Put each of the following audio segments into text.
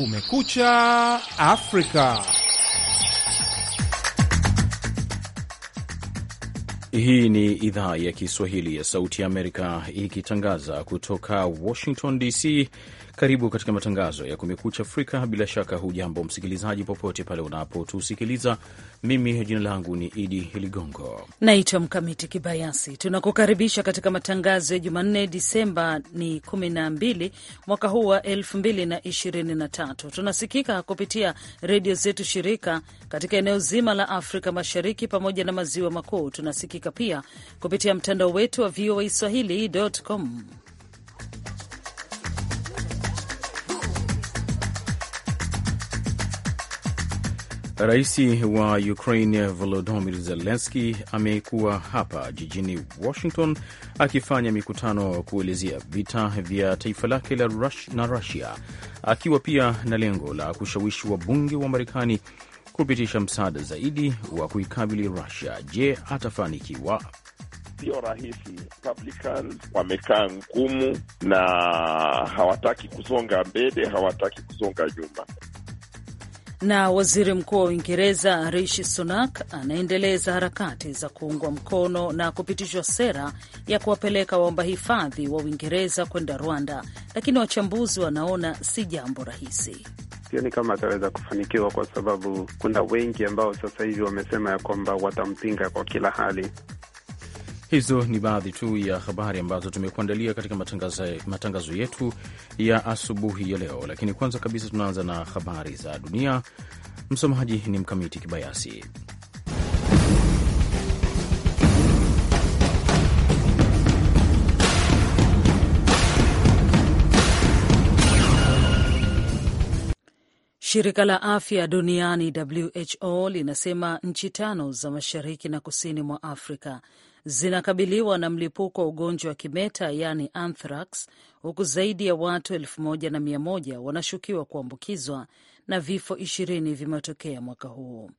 Kumekucha Afrika. Hii ni idhaa ya Kiswahili ya Sauti ya Amerika ikitangaza kutoka Washington DC. Karibu katika matangazo ya Kumekucha Afrika. Bila shaka, hujambo msikilizaji, popote pale unapotusikiliza. Mimi jina langu ni Idi Ligongo, naitwa Mkamiti Kibayasi. Tunakukaribisha katika matangazo ya Jumanne, Disemba ni 12 mwaka huu wa 2023. Tunasikika kupitia redio zetu shirika katika eneo zima la Afrika Mashariki pamoja na maziwa makuu. Tunasikika pia kupitia mtandao wetu wa VOA swahili.com Rais wa Ukraine Volodymyr Zelensky amekuwa hapa jijini Washington akifanya mikutano kuelezea vita vya taifa lake la Rush na Russia, akiwa pia na lengo la kushawishi wabunge wa Marekani kupitisha msaada zaidi wa kuikabili Russia. Je, atafanikiwa? Sio rahisi. Republicans wamekaa ngumu na hawataki kusonga mbele, hawataki kusonga nyuma. Na waziri mkuu wa Uingereza Rishi Sunak anaendeleza harakati za kuungwa mkono na kupitishwa sera ya kuwapeleka waomba hifadhi wa Uingereza kwenda Rwanda, lakini wachambuzi wanaona si jambo rahisi. Sioni kama ataweza kufanikiwa kwa sababu kuna wengi ambao sasa hivi wamesema ya kwamba watampinga kwa kila hali. Hizo ni baadhi tu ya habari ambazo tumekuandalia katika matangazo, matangazo yetu ya asubuhi ya leo, lakini kwanza kabisa tunaanza na habari za dunia. Msomaji ni Mkamiti Kibayasi. Shirika la afya duniani WHO linasema nchi tano za mashariki na kusini mwa Afrika zinakabiliwa na mlipuko wa ugonjwa wa kimeta, yaani anthrax, huku zaidi ya watu elfu moja na mia moja wanashukiwa kuambukizwa na vifo ishirini vimetokea mwaka huu.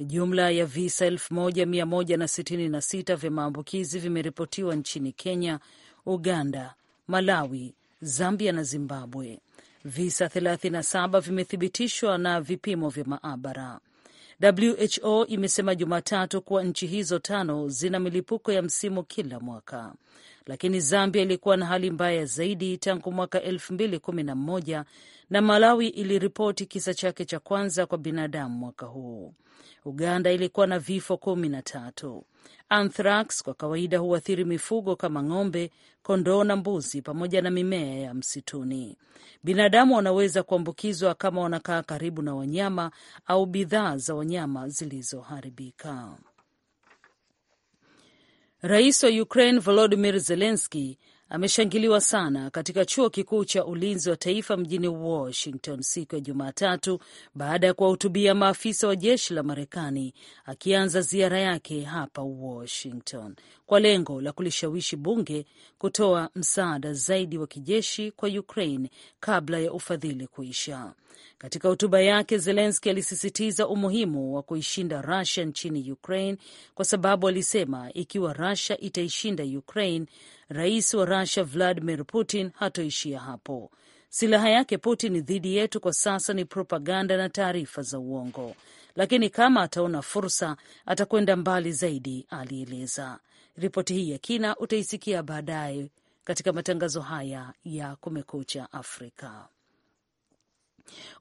Jumla ya visa 1166 vya maambukizi vimeripotiwa nchini Kenya, Uganda, Malawi, Zambia na Zimbabwe. Visa 37 vimethibitishwa na vipimo vya maabara. WHO imesema Jumatatu kuwa nchi hizo tano zina milipuko ya msimu kila mwaka lakini Zambia ilikuwa na hali mbaya zaidi tangu mwaka elfu mbili kumi na mmoja na Malawi iliripoti kisa chake cha kwanza kwa binadamu mwaka huu. Uganda ilikuwa na vifo kumi na tatu. Anthrax kwa kawaida huathiri mifugo kama ng'ombe, kondoo na mbuzi pamoja na mimea ya msituni. Binadamu wanaweza kuambukizwa kama wanakaa karibu na wanyama au bidhaa za wanyama zilizoharibika. Rais wa Ukraine volodimir zelenski ameshangiliwa sana katika chuo kikuu cha ulinzi wa taifa mjini Washington siku ya Jumatatu baada ya kuwahutubia maafisa wa jeshi la Marekani akianza ziara yake hapa Washington kwa lengo la kulishawishi bunge kutoa msaada zaidi wa kijeshi kwa Ukraine kabla ya ufadhili kuisha. Katika hotuba yake, Zelenski alisisitiza umuhimu wa kuishinda rasia nchini Ukraine kwa sababu alisema ikiwa Russia itaishinda Ukraine, rais wa rasia Vladimir Putin hatoishia hapo. Silaha yake Putin dhidi yetu kwa sasa ni propaganda na taarifa za uongo, lakini kama ataona fursa atakwenda mbali zaidi, alieleza. Ripoti hii ya kina utaisikia baadaye katika matangazo haya ya Kumekucha Afrika.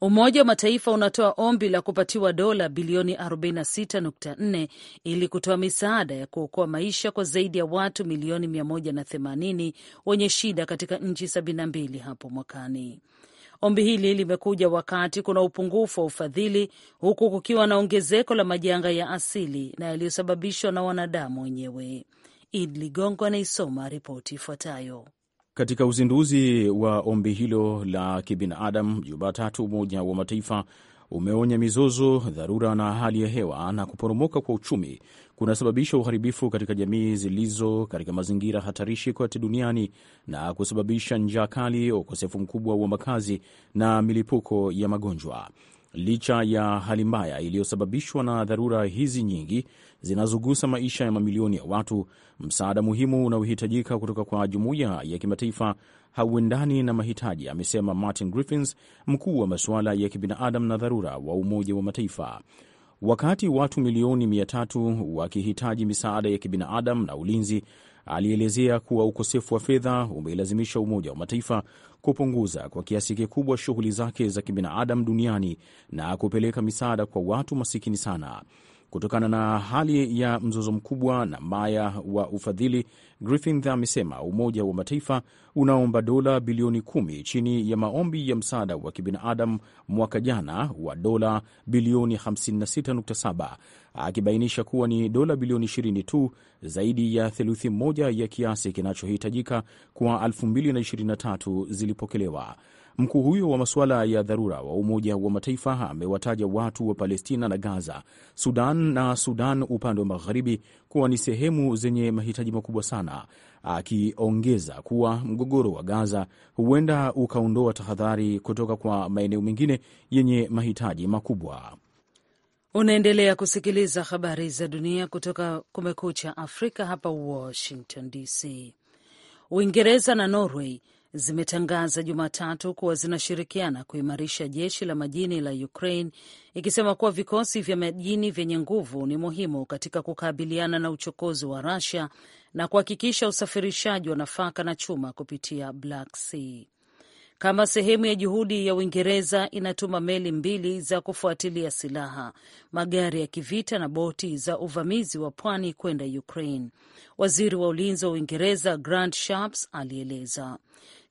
Umoja wa Mataifa unatoa ombi la kupatiwa dola bilioni 46.4 ili kutoa misaada ya kuokoa maisha kwa zaidi ya watu milioni 180 wenye shida katika nchi 72 hapo mwakani. Ombi hili limekuja wakati kuna upungufu wa ufadhili, huku kukiwa na ongezeko la majanga ya asili na yaliyosababishwa na wanadamu wenyewe. Id Ligongo anaisoma ripoti ifuatayo. Katika uzinduzi wa ombi hilo la kibinadamu Jumatatu, Umoja wa Mataifa umeonya mizozo, dharura na hali ya hewa na kuporomoka kwa uchumi kunasababisha uharibifu katika jamii zilizo katika mazingira hatarishi kote duniani na kusababisha njaa kali, ukosefu mkubwa wa makazi na milipuko ya magonjwa. Licha ya hali mbaya iliyosababishwa na dharura hizi nyingi zinazogusa maisha ya mamilioni ya watu, msaada muhimu unaohitajika kutoka kwa jumuiya ya kimataifa hauendani na mahitaji, amesema Martin Griffiths, mkuu wa masuala ya kibinadamu na dharura wa Umoja wa Mataifa. Wakati watu milioni mia tatu wakihitaji misaada ya kibinadamu na ulinzi, alielezea kuwa ukosefu wa fedha umeilazimisha Umoja wa Mataifa kupunguza kwa kiasi kikubwa shughuli zake za kibinadamu duniani na kupeleka misaada kwa watu masikini sana. Kutokana na hali ya mzozo mkubwa na mbaya wa ufadhili, Griffith amesema Umoja wa Mataifa unaomba dola bilioni kumi chini ya maombi ya msaada wa kibinadamu mwaka jana wa dola bilioni 56.7, akibainisha kuwa ni dola bilioni 20 tu, zaidi ya theluthi moja ya kiasi kinachohitajika kwa 223 zilipokelewa. Mkuu huyo wa masuala ya dharura wa Umoja wa Mataifa amewataja watu wa Palestina na Gaza, Sudan na Sudan upande wa magharibi kuwa ni sehemu zenye mahitaji makubwa sana, akiongeza kuwa mgogoro wa Gaza huenda ukaondoa tahadhari kutoka kwa maeneo mengine yenye mahitaji makubwa. Unaendelea kusikiliza habari za dunia kutoka Kumekucha Afrika hapa Washington DC. Uingereza na Norway zimetangaza Jumatatu kuwa zinashirikiana kuimarisha jeshi la majini la Ukraine, ikisema kuwa vikosi vya majini vyenye nguvu ni muhimu katika kukabiliana na uchokozi wa Russia na kuhakikisha usafirishaji wa nafaka na chuma kupitia Black Sea. Kama sehemu ya juhudi ya Uingereza inatuma meli mbili za kufuatilia silaha, magari ya kivita na boti za uvamizi wa pwani kwenda Ukraine, waziri wa ulinzi wa Uingereza Grant sharps alieleza.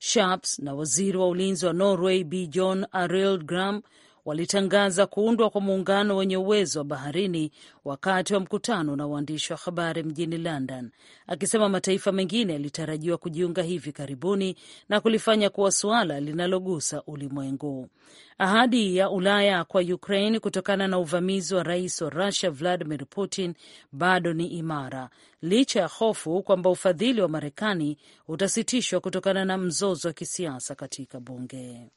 Sharps na waziri wa ulinzi wa Norway b Jon Arild Gram walitangaza kuundwa kwa muungano wenye uwezo wa baharini wakati wa mkutano na waandishi wa habari mjini London, akisema mataifa mengine yalitarajiwa kujiunga hivi karibuni na kulifanya kuwa suala linalogusa ulimwengu. Ahadi ya Ulaya kwa Ukraine kutokana na uvamizi wa rais wa Russia Vladimir Putin bado ni imara licha ya hofu kwamba ufadhili wa Marekani utasitishwa kutokana na mzozo wa kisiasa katika bunge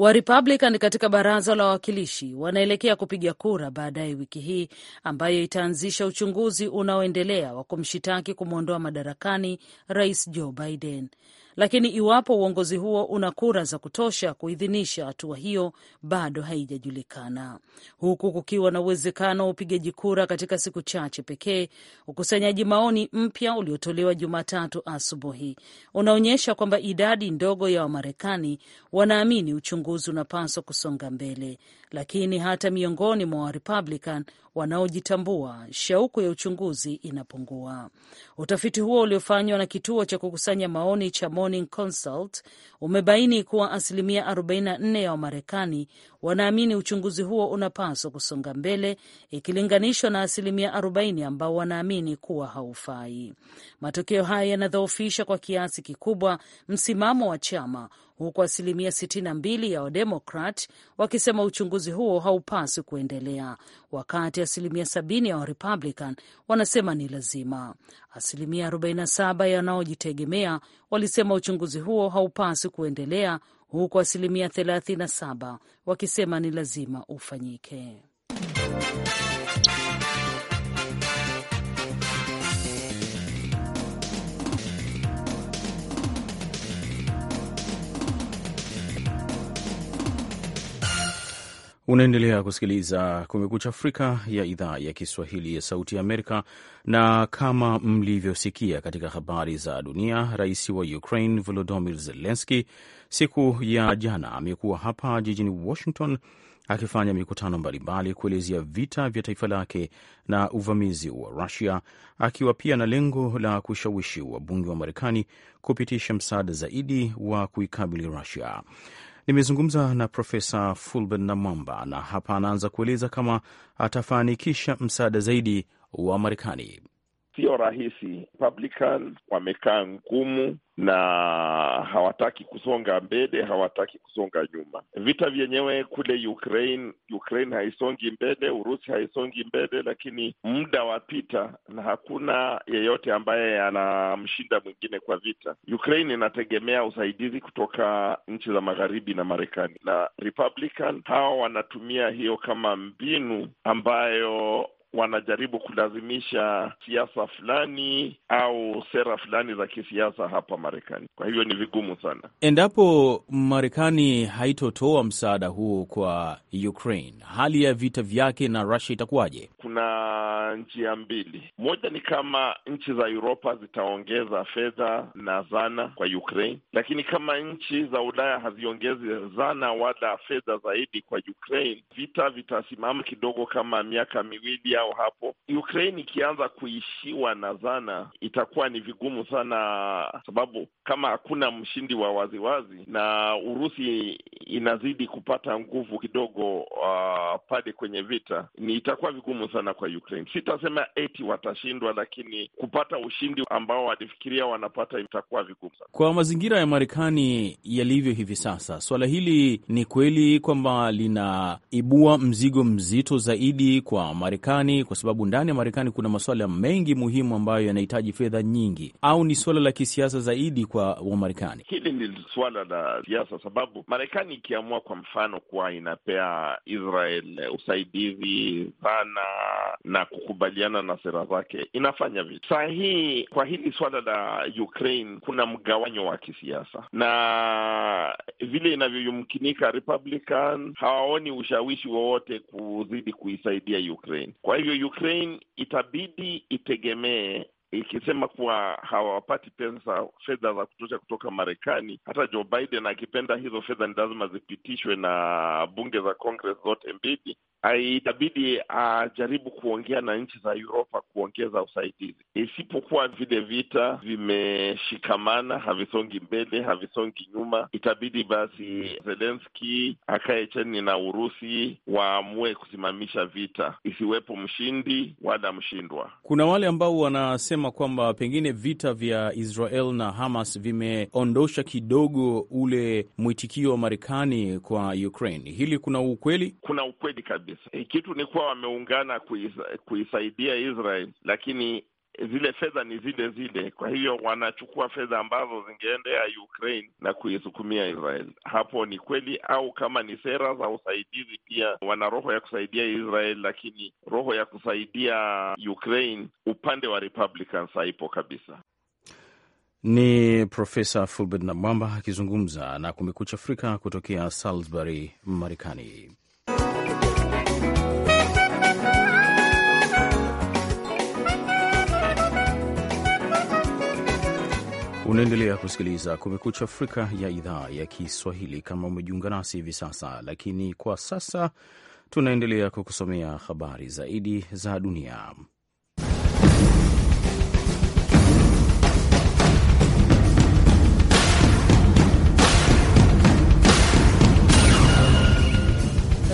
wa Republican katika baraza la wawakilishi wanaelekea kupiga kura baadaye wiki hii ambayo itaanzisha uchunguzi unaoendelea wa kumshitaki kumwondoa madarakani rais Joe Biden lakini iwapo uongozi huo una kura za kutosha kuidhinisha hatua hiyo bado haijajulikana, huku kukiwa na uwezekano wa upigaji kura katika siku chache pekee. Ukusanyaji maoni mpya uliotolewa Jumatatu asubuhi unaonyesha kwamba idadi ndogo ya Wamarekani wanaamini uchunguzi unapaswa kusonga mbele, lakini hata miongoni mwa Warepublican wanaojitambua, shauku ya uchunguzi inapungua. Utafiti huo uliofanywa na kituo cha kukusanya maoni cha Morning Consult umebaini kuwa asilimia 44 ya Wamarekani wanaamini uchunguzi huo unapaswa kusonga mbele ikilinganishwa na asilimia 40 ambao wanaamini kuwa haufai. Matokeo haya yanadhoofisha kwa kiasi kikubwa msimamo wa chama huku asilimia 62 ya Wademokrat wakisema uchunguzi huo haupaswi kuendelea, wakati asilimia 70 ya Warepublican wanasema ni lazima. Asilimia 47 ya wanaojitegemea walisema uchunguzi huo haupaswi kuendelea, huku asilimia 37 wakisema ni lazima ufanyike. Unaendelea kusikiliza Kumekucha Afrika ya idhaa ya Kiswahili ya Sauti ya Amerika, na kama mlivyosikia katika habari za dunia, rais wa Ukraine Volodymyr Zelensky siku ya jana amekuwa hapa jijini Washington akifanya mikutano mbalimbali kuelezea vita vya taifa lake na uvamizi wa Rusia, akiwa pia na lengo la kushawishi wabunge wa Marekani kupitisha msaada zaidi wa kuikabili Rusia. Nimezungumza na Profesa Fulben Namwamba na hapa anaanza kueleza kama atafanikisha msaada zaidi wa Marekani. Sio rahisi. Republicans wamekaa ngumu na hawataki kusonga mbele, hawataki kusonga nyuma. Vita vyenyewe kule Ukraine, Ukraine haisongi mbele, Urusi haisongi mbele, lakini muda wapita na hakuna yeyote ambaye anamshinda mwingine kwa vita. Ukraine inategemea usaidizi kutoka nchi za magharibi na Marekani, na Republican hawa wanatumia hiyo kama mbinu ambayo wanajaribu kulazimisha siasa fulani au sera fulani za kisiasa hapa Marekani. Kwa hivyo ni vigumu sana. Endapo Marekani haitotoa msaada huo kwa Ukraine, hali ya vita vyake na Russia itakuwaje? Kuna njia mbili. Moja ni kama nchi za Uropa zitaongeza fedha na zana kwa Ukraine, lakini kama nchi za Ulaya haziongezi zana wala fedha zaidi kwa Ukraine, vita vitasimama kidogo, kama miaka miwili yao hapo. Ukraine ikianza kuishiwa na zana, itakuwa ni vigumu sana, sababu kama hakuna mshindi wa waziwazi -wazi, na Urusi inazidi kupata nguvu kidogo uh, pale kwenye vita, ni itakuwa vigumu sana kwa Ukraine. Sitasema eti watashindwa, lakini kupata ushindi ambao walifikiria wanapata itakuwa vigumu sana. Kwa mazingira ya Marekani yalivyo hivi sasa, swala hili ni kweli kwamba linaibua mzigo mzito zaidi kwa Marekani Marekani, kwa sababu ndani ya Marekani kuna masuala mengi muhimu ambayo yanahitaji fedha nyingi, au ni suala la kisiasa zaidi kwa Wamarekani? Hili ni suala la siasa, sababu Marekani ikiamua kwa mfano kuwa inapea Israel usaidizi sana na kukubaliana na sera zake, inafanya vitu saa hii. Kwa hili suala la Ukraine kuna mgawanyo wa kisiasa na vile inavyoyumkinika, Republican hawaoni ushawishi wowote kuzidi kuisaidia Ukraine kwa hiyo Ukraine itabidi itegemee ikisema kuwa hawapati pesa fedha za kutosha kutoka Marekani. Hata Joe Biden akipenda hizo fedha ni lazima zipitishwe na bunge za Congress zote mbili, Ah, itabidi ajaribu ah, kuongea na nchi za Uropa kuongeza usaidizi, isipokuwa vile vita vimeshikamana, havisongi mbele, havisongi nyuma. Itabidi basi Zelenski akae chini na Urusi waamue kusimamisha vita, isiwepo mshindi wala mshindwa. Kuna wale ambao wanasema kwamba pengine vita vya Israel na Hamas vimeondosha kidogo ule mwitikio wa Marekani kwa Ukraine. Hili kuna ukweli? Kuna ukweli kabisa kabisa. Kitu ni kuwa wameungana kuisa, kuisaidia Israel, lakini zile fedha ni zile zile. Kwa hiyo wanachukua fedha ambazo zingeendea Ukraine na kuisukumia Israel. Hapo ni kweli, au kama ni sera za usaidizi, pia wana roho ya kusaidia Israel, lakini roho ya kusaidia Ukraine upande wa Republicans haipo kabisa. Ni Profesa Fulbert Namwamba akizungumza na Kumekucha Afrika kutokea Salisbury, Marekani. Unaendelea kusikiliza Kumekucha Afrika ya idhaa ya Kiswahili. Kama umejiunga nasi hivi sasa, lakini kwa sasa tunaendelea kukusomea habari zaidi za dunia.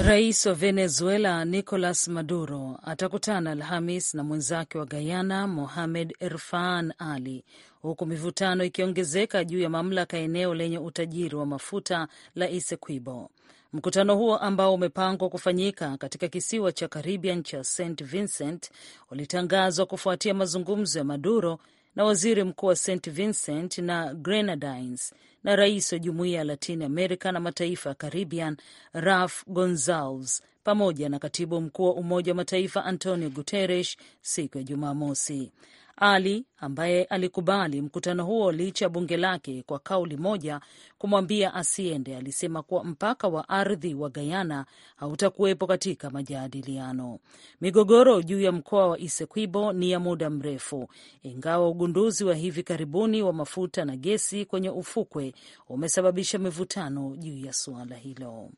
Rais wa Venezuela Nicolas Maduro atakutana Alhamis na mwenzake wa Guyana Mohamed Irfan Ali huku mivutano ikiongezeka juu ya mamlaka eneo lenye utajiri wa mafuta la Essequibo. Mkutano huo ambao umepangwa kufanyika katika kisiwa cha Caribbean cha St Vincent ulitangazwa kufuatia mazungumzo ya Maduro na waziri mkuu wa St Vincent na Grenadines na rais wa jumuiya ya Latin America na mataifa ya Caribbean Raf Gonzalves pamoja na katibu mkuu wa Umoja wa Mataifa Antonio Guterres siku ya Jumamosi. Ali ambaye alikubali mkutano huo licha ya bunge lake kwa kauli moja kumwambia asiende, alisema kuwa mpaka wa ardhi wa Guyana hautakuwepo katika majadiliano. Migogoro juu ya mkoa wa Essequibo ni ya muda mrefu, ingawa ugunduzi wa hivi karibuni wa mafuta na gesi kwenye ufukwe umesababisha mivutano juu ya suala hilo.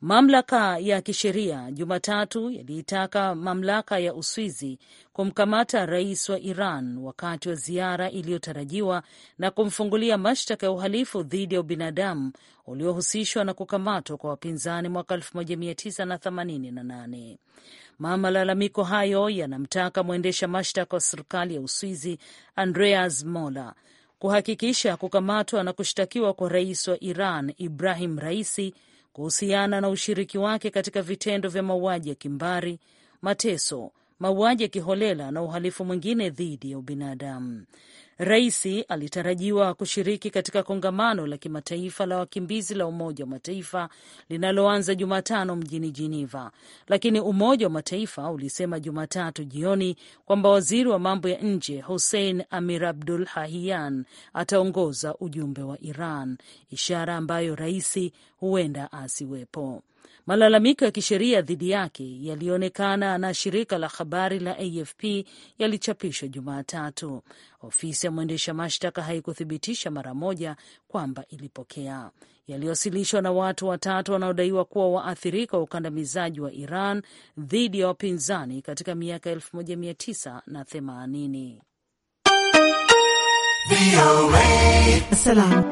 Mamlaka ya kisheria Jumatatu yaliitaka mamlaka ya Uswizi kumkamata rais wa Iran wakati wa ziara iliyotarajiwa na kumfungulia mashtaka ya uhalifu dhidi ya ubinadamu uliohusishwa na kukamatwa kwa wapinzani mwaka 1988. Malalamiko hayo yanamtaka mwendesha mashtaka wa serikali ya Uswizi Andreas Mola kuhakikisha kukamatwa na kushtakiwa kwa rais wa Iran Ibrahim Raisi kuhusiana na ushiriki wake katika vitendo vya mauaji ya kimbari, mateso, mauaji ya kiholela na uhalifu mwingine dhidi ya ubinadamu. Rais alitarajiwa kushiriki katika kongamano la kimataifa la wakimbizi la Umoja wa Mataifa linaloanza Jumatano mjini jiniva lakini Umoja wa Mataifa ulisema Jumatatu jioni kwamba waziri wa mambo ya nje Hussein Amir Abdul hahiyan ataongoza ujumbe wa Iran, ishara ambayo rais huenda asiwepo. Malalamiko ya kisheria dhidi yake yaliyoonekana na shirika la habari la AFP yalichapishwa Jumatatu. Ofisi ya mwendesha mashtaka haikuthibitisha mara moja kwamba ilipokea yaliyowasilishwa na watu watatu wanaodaiwa kuwa waathirika wa ukandamizaji wa Iran dhidi ya wapinzani katika miaka 1980. Salam.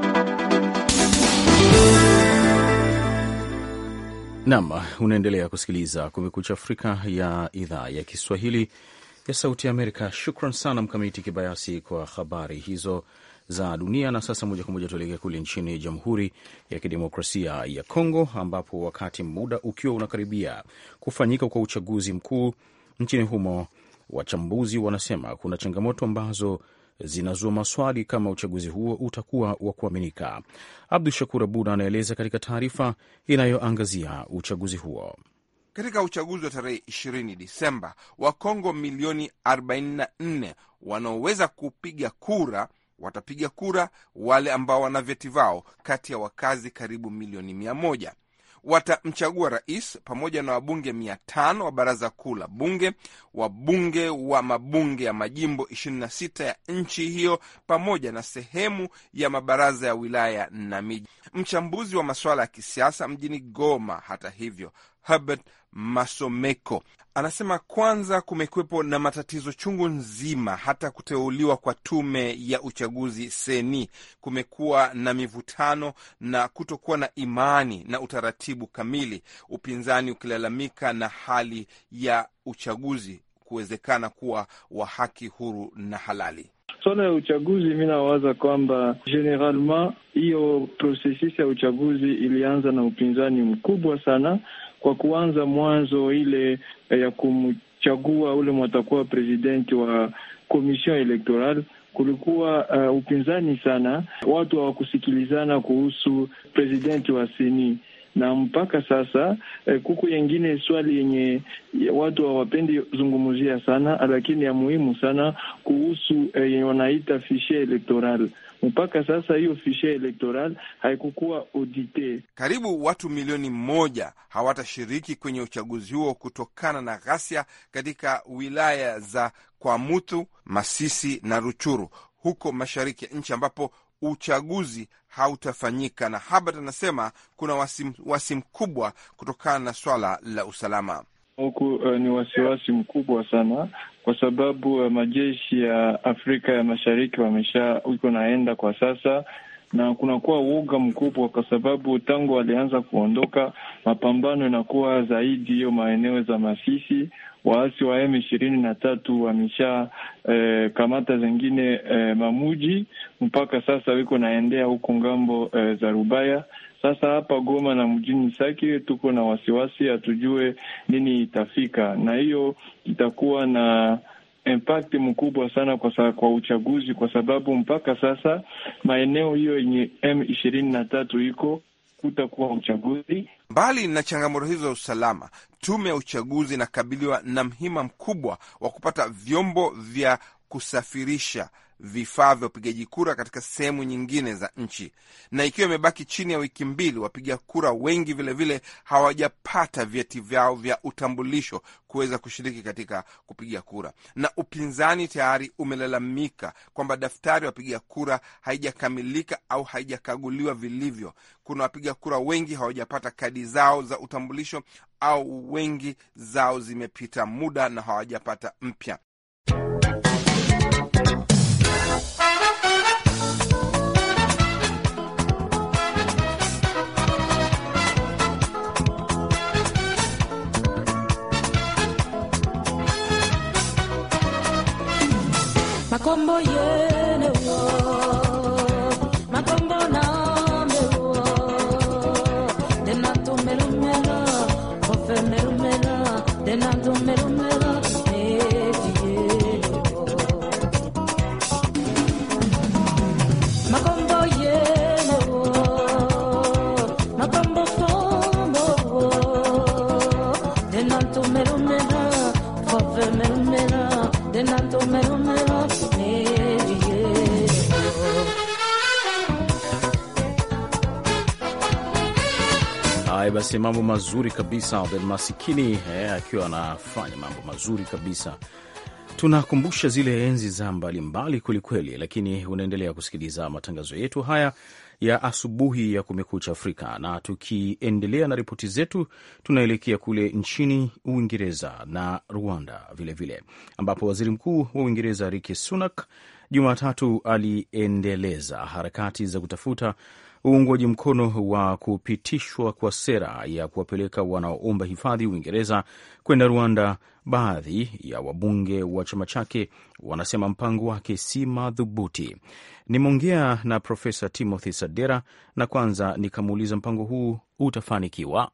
Nam, unaendelea kusikiliza Kumekucha Afrika ya idhaa ya Kiswahili ya Sauti ya Amerika. Shukran sana Mkamiti Kibayasi kwa habari hizo za dunia. Na sasa moja kwa moja tuelekea kule nchini Jamhuri ya Kidemokrasia ya Kongo, ambapo wakati muda ukiwa unakaribia kufanyika kwa uchaguzi mkuu nchini humo, wachambuzi wanasema kuna changamoto ambazo zinazua maswali kama uchaguzi huo utakuwa wa kuaminika. Abdu Shakur Abud anaeleza katika taarifa inayoangazia uchaguzi huo. Katika uchaguzi wa tarehe 20 Disemba, Wakongo milioni 44 wanaoweza kupiga kura watapiga kura, wale ambao wana vyeti vao kati ya wakazi karibu milioni mia moja watamchagua rais pamoja na wabunge mia tano wa baraza kuu la bunge, wabunge wa mabunge ya majimbo sita ya nchi hiyo pamoja na sehemu ya mabaraza ya wilaya na miji. Mchambuzi wa masuala ya kisiasa mjini Goma, hata hivyo, Herbert Masomeko anasema kwanza, kumekwepo na matatizo chungu nzima. Hata kuteuliwa kwa tume ya uchaguzi seni, kumekuwa na mivutano na kutokuwa na imani na utaratibu kamili, upinzani ukilalamika na hali ya uchaguzi kuwezekana kuwa wa haki, huru na halali. Swala ya uchaguzi, mi nawaza kwamba generalement hiyo processus ya uchaguzi ilianza na upinzani mkubwa sana kwa kuanza mwanzo ile eh, ya kumchagua ule mwatakuwa presidenti wa komision electoral kulikuwa uh, upinzani sana, watu hawakusikilizana kuhusu presidenti wa seni na mpaka sasa eh, kuku yengine swali yenye watu hawapendi zungumzia sana, lakini ya muhimu sana kuhusu eh, wanaita fishe elektoral mpaka sasa hiyo fishe electoral haikukuwa audite. Karibu watu milioni moja hawatashiriki kwenye uchaguzi huo kutokana na ghasia katika wilaya za kwamuthu Masisi na Ruchuru huko mashariki ya nchi ambapo uchaguzi hautafanyika. Na Habart anasema kuna wasiwasi mkubwa kutokana na swala la usalama huku uh, ni wasiwasi mkubwa sana kwa sababu uh, majeshi ya Afrika ya Mashariki wamesha iko naenda kwa sasa, na kunakuwa uoga mkubwa kwa sababu tangu walianza kuondoka, mapambano inakuwa zaidi hiyo maeneo za Masisi. Waasi wa M ishirini na tatu wamesha eh, kamata zengine eh, mamuji mpaka sasa wiko naendea huku ngambo eh, za Rubaya sasa hapa Goma na mjini Sake tuko na wasiwasi, hatujue nini itafika, na hiyo itakuwa na impact mkubwa sana kwa, sa, kwa uchaguzi, kwa sababu mpaka sasa maeneo hiyo yenye M ishirini na tatu iko kutakuwa uchaguzi. Mbali na changamoto hizo za usalama, tume ya uchaguzi inakabiliwa na mhima mkubwa wa kupata vyombo vya kusafirisha vifaa vya upigaji kura katika sehemu nyingine za nchi. Na ikiwa imebaki chini ya wiki mbili, wapiga kura wengi vilevile hawajapata vyeti vyao vya utambulisho kuweza kushiriki katika kupiga kura, na upinzani tayari umelalamika kwamba daftari wapiga kura haijakamilika au haijakaguliwa vilivyo. Kuna wapiga kura wengi hawajapata kadi zao za utambulisho au wengi zao zimepita muda na hawajapata mpya. Makomboye. Yeah. basi mambo mazuri kabisa. Masikini eh, akiwa anafanya mambo mazuri kabisa. Tunakumbusha zile enzi za mbalimbali kwelikweli, lakini unaendelea kusikiliza matangazo yetu haya ya asubuhi ya Kumekucha Afrika, na tukiendelea na ripoti zetu, tunaelekea kule nchini Uingereza na Rwanda vilevile vile, ambapo waziri mkuu wa Uingereza Rishi Sunak Jumatatu aliendeleza harakati za kutafuta uungwaji mkono wa kupitishwa kwa sera ya kuwapeleka wanaoomba hifadhi Uingereza kwenda Rwanda. Baadhi ya wabunge wa chama chake wanasema mpango wake si madhubuti. Nimeongea na Profesa Timothy Sadera na kwanza nikamuuliza mpango huu utafanikiwa?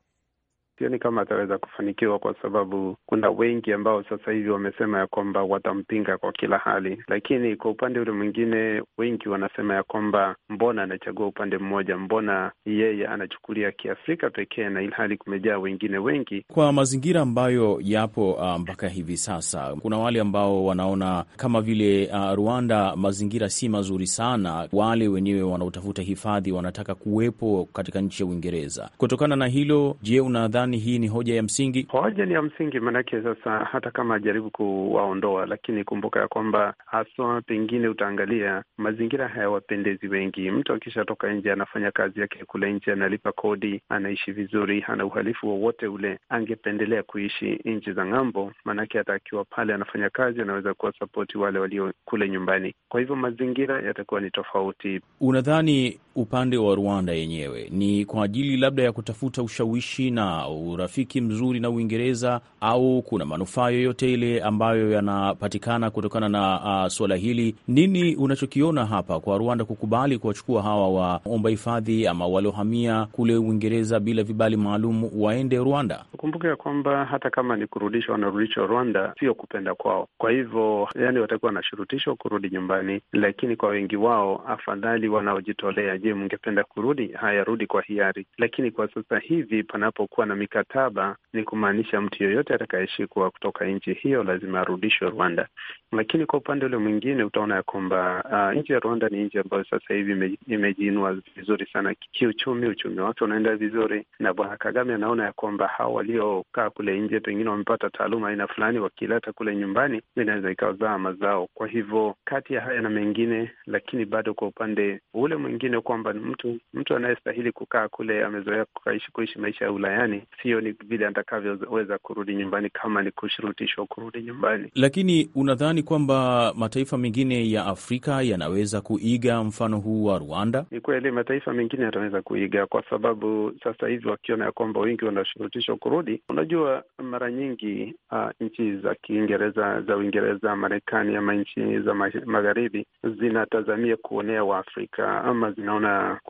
sioni kama ataweza kufanikiwa, kwa sababu kuna wengi ambao sasa hivi wamesema ya kwamba watampinga kwa kila hali, lakini kwa upande ule mwingine wengi wanasema ya kwamba mbona anachagua upande mmoja, mbona yeye anachukulia kiafrika pekee, na ilhali kumejaa wengine wengi. Kwa mazingira ambayo yapo ah, mpaka um, hivi sasa, kuna wale ambao wanaona kama vile uh, Rwanda mazingira si mazuri sana. Wale wenyewe wanaotafuta hifadhi wanataka kuwepo katika nchi ya Uingereza. Kutokana na hilo, je, unadhani unadhani hii ni hoja ya msingi? Hoja ni ya msingi, maanake sasa hata kama ajaribu kuwaondoa, lakini kumbuka ya kwamba haswa, pengine utaangalia mazingira hayawapendezi wengi. Mtu akishatoka nje, anafanya kazi yake kule nje, analipa kodi, anaishi vizuri, hana uhalifu wowote ule, angependelea kuishi nchi za ng'ambo, maanake hata akiwa pale anafanya kazi, anaweza kuwasapoti wale walio kule nyumbani. Kwa hivyo mazingira yatakuwa ni tofauti. Unadhani upande wa Rwanda yenyewe ni kwa ajili labda ya kutafuta ushawishi na urafiki mzuri na Uingereza, au kuna manufaa yoyote ile ambayo yanapatikana kutokana na uh, suala hili? Nini unachokiona hapa kwa Rwanda kukubali kuwachukua hawa waomba hifadhi ama waliohamia kule Uingereza bila vibali maalum waende Rwanda? Kumbuka ya kwamba hata kama ni kurudishwa, wanarudishwa Rwanda sio kupenda kwao, kwa hivyo yani watakuwa wanashurutishwa kurudi nyumbani, lakini kwa wengi wao afadhali wanaojitolea je, mngependa kurudi? Haya, kwa hiari. Lakini kwa sasa hivi panapokuwa na mikataba, ni kumaanisha mtu yoyote atakayeshikwa kutoka nchi hiyo lazima arudishwe Rwanda. Lakini kwa upande ule mwingine utaona ya kwamba uh, nchi ya Rwanda ni nchi ambayo sasa hivi imejiinua vizuri sana kiuchumi, uchumi wake unaenda vizuri, na Bwana Kagame anaona ya kwamba hao waliokaa kule nje pengine wamepata taaluma aina fulani, wakileta kule nyumbani inaweza ikazaa mazao. Kwa hivyo kati ya haya na mengine, lakini bado kwa upande ule mwingine kwamba mtu mtu anayestahili kukaa kule amezoea kuishi maisha ya Ulayani, sio ni vile atakavyoweza kurudi nyumbani kama ni kushurutishwa kurudi nyumbani. Lakini unadhani kwamba mataifa mengine ya Afrika yanaweza kuiga mfano huu wa Rwanda? Ni kweli mataifa mengine yataweza kuiga, kwa sababu sasa hivi wakiona ya kwamba wengi wanashurutishwa kurudi. Unajua, mara nyingi uh, nchi za Kiingereza za Uingereza, Marekani ama nchi za magharibi zinatazamia kuonea Waafrika ama zina tunaona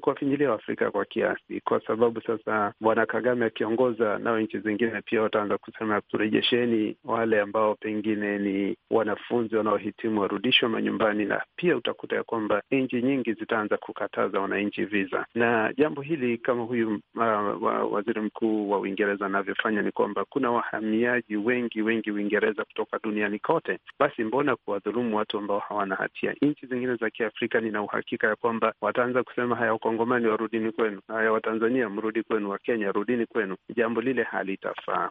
kuwafinyilia Waafrika kwa kiasi, kwa sababu sasa Bwana Kagame akiongoza, nao nchi zingine pia wataanza kusema turejesheni wale ambao pengine ni wanafunzi wanaohitimu warudishwe manyumbani, na pia utakuta ya kwamba nchi nyingi zitaanza kukataza wananchi viza, na jambo hili kama huyu uh, wa, waziri mkuu wa Uingereza anavyofanya ni kwamba kuna wahamiaji wengi wengi Uingereza kutoka duniani kote, basi mbona kuwadhulumu watu ambao hawana hatia? Nchi zingine za Kiafrika nina uhakika ya kwamba wataanza kusema haya, Wakongomani warudini kwenu, haya, Watanzania mrudi kwenu, Wakenya rudini kwenu, jambo lile halitafaa.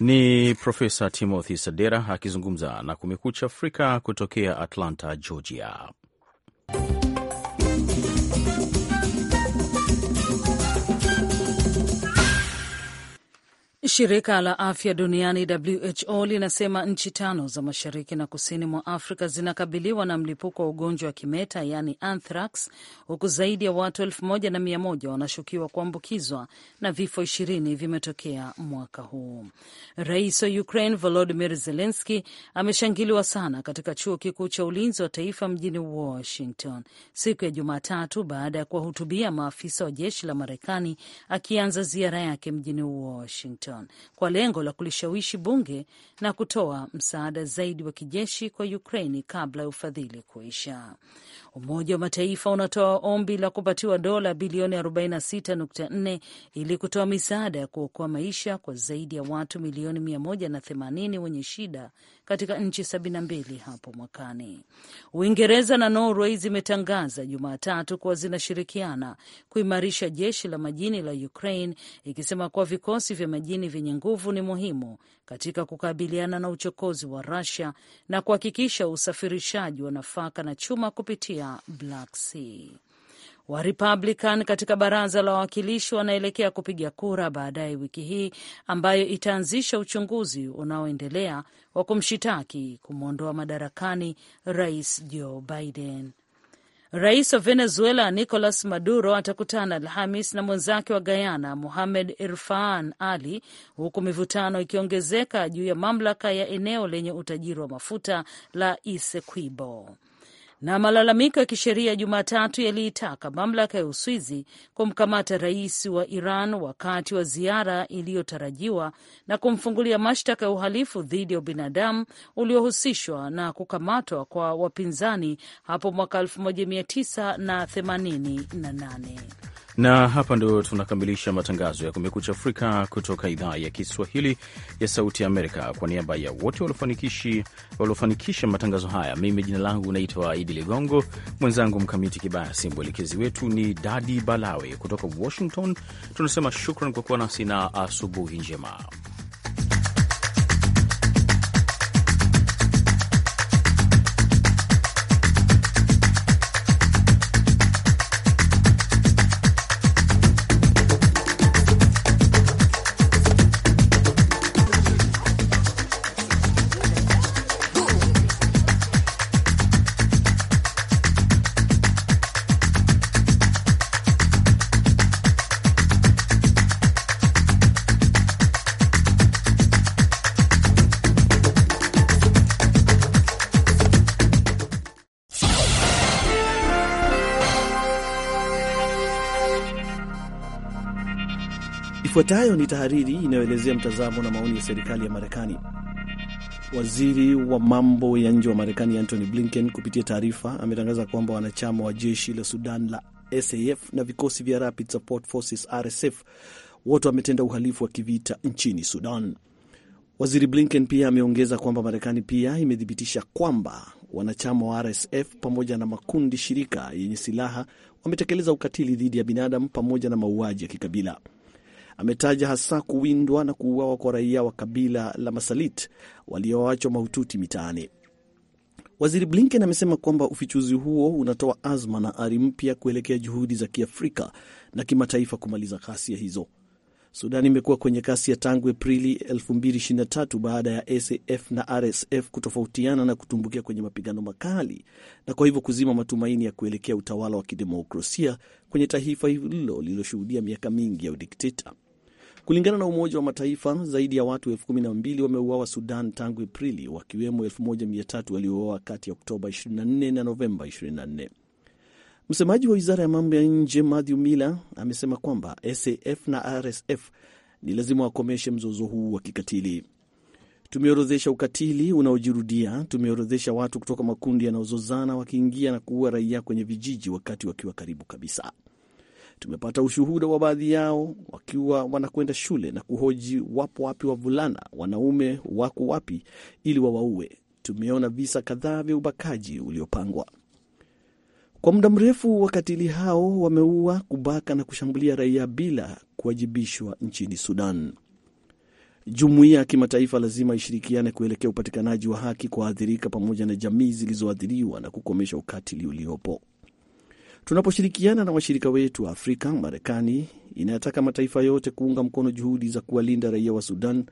Ni Profesa Timothy Sadera akizungumza na Kumekucha Afrika kutokea Atlanta, Georgia. Shirika la afya duniani WHO linasema nchi tano za mashariki na kusini mwa Afrika zinakabiliwa na mlipuko wa ugonjwa wa kimeta, yaani anthrax, huku zaidi ya watu elfu moja na mia moja wanashukiwa kuambukizwa na vifo ishirini vimetokea mwaka huu. Rais wa Ukraine Volodimir Zelenski ameshangiliwa sana katika chuo kikuu cha ulinzi wa taifa mjini Washington siku ya Jumatatu baada ya kuwahutubia maafisa wa jeshi la Marekani akianza ziara yake mjini Washington. Washington kwa lengo la kulishawishi bunge na kutoa msaada zaidi wa kijeshi kwa ukraini kabla ya ufadhili kuisha. Umoja wa Mataifa unatoa ombi la kupatiwa dola bilioni 46.4 ili kutoa misaada ya kuokoa maisha kwa zaidi ya watu milioni 180 wenye shida katika nchi 72 hapo mwakani. Uingereza na Norway zimetangaza Jumatatu kuwa zinashirikiana kuimarisha jeshi la majini la Ukraine, ikisema kuwa vikosi vya majini vyenye nguvu ni muhimu katika kukabiliana na uchokozi wa Russia na kuhakikisha usafirishaji wa nafaka na chuma kupitia Black Sea. Wa Republican katika baraza la wawakilishi wanaelekea kupiga kura baadaye wiki hii ambayo itaanzisha uchunguzi unaoendelea wa kumshitaki kumwondoa madarakani Rais Joe Biden. Rais wa Venezuela Nicolas Maduro atakutana Alhamis na mwenzake wa Guyana Mohamed Irfaan Ali, huku mivutano ikiongezeka juu ya mamlaka ya eneo lenye utajiri wa mafuta la Essequibo na malalamiko ya kisheria Jumatatu yaliitaka mamlaka ya Uswizi kumkamata rais wa Iran wakati wa ziara iliyotarajiwa na kumfungulia mashtaka ya uhalifu dhidi ya ubinadamu uliohusishwa na kukamatwa kwa wapinzani hapo mwaka 1988. Na hapa ndo tunakamilisha matangazo ya Kumekucha Afrika kutoka idhaa ya Kiswahili ya Sauti Amerika. Kwa niaba ya wote waliofanikisha matangazo haya, mimi jina langu naitwa Idi Ligongo, mwenzangu Mkamiti Kibayasi, mwelekezi wetu ni Dadi Balawe. Kutoka Washington tunasema shukran kwa kuwa nasi na asubuhi njema. Ifuatayo ni tahariri inayoelezea mtazamo na maoni ya serikali ya Marekani. Waziri wa mambo ya nje wa Marekani Antony Blinken kupitia taarifa ametangaza kwamba wanachama wa jeshi la Sudan la SAF na vikosi vya Rapid Support Forces RSF wote wametenda uhalifu wa kivita nchini Sudan. Waziri Blinken pia ameongeza kwamba Marekani pia imethibitisha kwamba wanachama wa RSF pamoja na makundi shirika yenye silaha wametekeleza ukatili dhidi ya binadamu pamoja na mauaji ya kikabila. Ametaja hasa kuwindwa na kuuawa kwa raia wa kabila la Masalit walioachwa mahututi mitaani. Waziri Blinken amesema kwamba ufichuzi huo unatoa azma na ari mpya kuelekea juhudi za kiafrika na kimataifa kumaliza ghasia hizo. Sudan imekuwa kwenye ghasia tangu Aprili 2023 baada ya SAF na RSF kutofautiana na kutumbukia kwenye mapigano makali na kwa hivyo kuzima matumaini ya kuelekea utawala wa kidemokrasia kwenye taifa hilo lililoshuhudia miaka mingi ya udikteta. Kulingana na Umoja wa Mataifa, zaidi ya watu elfu kumi na mbili wameuawa Sudan tangu Aprili, wakiwemo 13 waliouawa kati ya Oktoba 24 na Novemba 24. Msemaji wa wizara ya mambo ya nje Matthew Miller amesema kwamba SAF na RSF ni lazima wakomeshe mzozo huu wa kikatili. Tumeorodhesha ukatili unaojirudia, tumeorodhesha watu kutoka makundi yanayozozana wakiingia na kuua raia kwenye vijiji wakati wakiwa karibu kabisa. Tumepata ushuhuda wa baadhi yao wakiwa wanakwenda shule na kuhoji wapo wapi wavulana, wanaume wako wapi ili wawaue. Tumeona visa kadhaa vya ubakaji uliopangwa kwa muda mrefu. Wakatili hao wameua, kubaka na kushambulia raia bila kuwajibishwa nchini Sudan. Jumuiya ya kimataifa lazima ishirikiane kuelekea upatikanaji wa haki kwa waathirika pamoja na jamii zilizoathiriwa na kukomesha ukatili uliopo tunaposhirikiana na washirika wetu wa Afrika. Marekani inayotaka mataifa yote kuunga mkono juhudi za kuwalinda raia wa Sudan,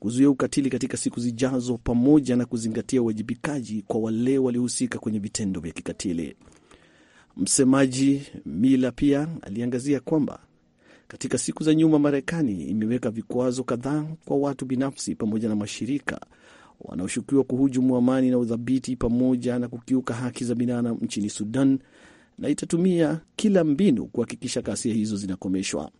kuzuia ukatili katika siku zijazo, pamoja na kuzingatia uwajibikaji kwa wale waliohusika kwenye vitendo vya kikatili. Msemaji Mila pia aliangazia kwamba katika siku za nyuma Marekani imeweka vikwazo kadhaa kwa watu binafsi pamoja na mashirika wanaoshukiwa kuhujumu amani na udhabiti pamoja na kukiuka haki za binadamu nchini Sudan na itatumia kila mbinu kuhakikisha ghasia hizo zinakomeshwa.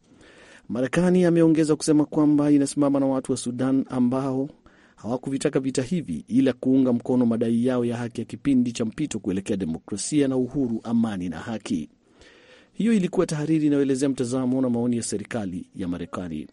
Marekani ameongeza kusema kwamba inasimama na watu wa Sudan ambao hawakuvitaka vita hivi, ila kuunga mkono madai yao ya haki ya kipindi cha mpito kuelekea demokrasia na uhuru, amani na haki. Hiyo ilikuwa tahariri inayoelezea mtazamo na maoni ya serikali ya Marekani.